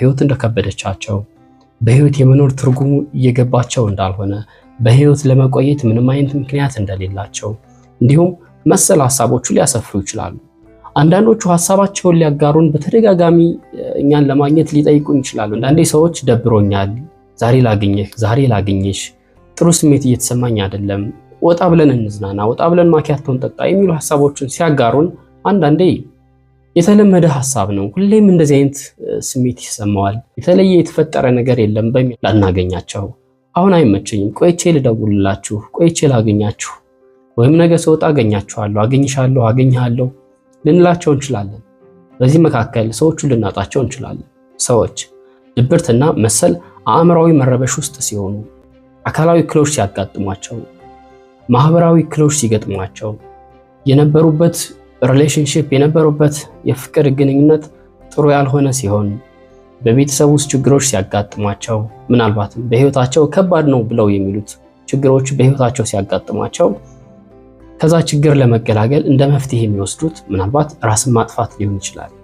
ህይወት እንደከበደቻቸው በህይወት የመኖር ትርጉሙ እየገባቸው እንዳልሆነ በህይወት ለመቆየት ምንም አይነት ምክንያት እንደሌላቸው እንዲሁም መሰል ሀሳቦቹ ሊያሰፍሩ ይችላሉ። አንዳንዶቹ ሀሳባቸውን ሊያጋሩን በተደጋጋሚ እኛን ለማግኘት ሊጠይቁን ይችላሉ። አንዳንዴ ሰዎች ደብሮኛል፣ ዛሬ ላግኘህ፣ ዛሬ ላግኘሽ፣ ጥሩ ስሜት እየተሰማኝ አይደለም፣ ወጣ ብለን እንዝናና፣ ወጣ ብለን ማኪያቶን ጠጣ የሚሉ ሀሳቦችን ሲያጋሩን አንዳንዴ የተለመደ ሀሳብ ነው። ሁሌም እንደዚህ አይነት ስሜት ይሰማዋል። የተለየ የተፈጠረ ነገር የለም በሚል ላናገኛቸው፣ አሁን አይመቸኝም፣ ቆይቼ ልደውልላችሁ፣ ቆይቼ ላገኛችሁ፣ ወይም ነገ ስወጣ አገኛችኋለሁ፣ አገኝሻለሁ፣ አገኝሃለሁ ልንላቸው እንችላለን። በዚህ መካከል ሰዎቹ ልናጣቸው እንችላለን። ሰዎች ድብርትና መሰል አእምራዊ መረበሽ ውስጥ ሲሆኑ፣ አካላዊ እክሎች ሲያጋጥሟቸው፣ ማህበራዊ እክሎች ሲገጥሟቸው የነበሩበት ሪሌሽንሽፕ የነበሩበት የፍቅር ግንኙነት ጥሩ ያልሆነ ሲሆን በቤተሰብ ውስጥ ችግሮች ሲያጋጥሟቸው ምናልባትም በህይወታቸው ከባድ ነው ብለው የሚሉት ችግሮች በህይወታቸው ሲያጋጥሟቸው ከዛ ችግር ለመገላገል እንደ መፍትሄ የሚወስዱት ምናልባት ራስን ማጥፋት ሊሆን ይችላል።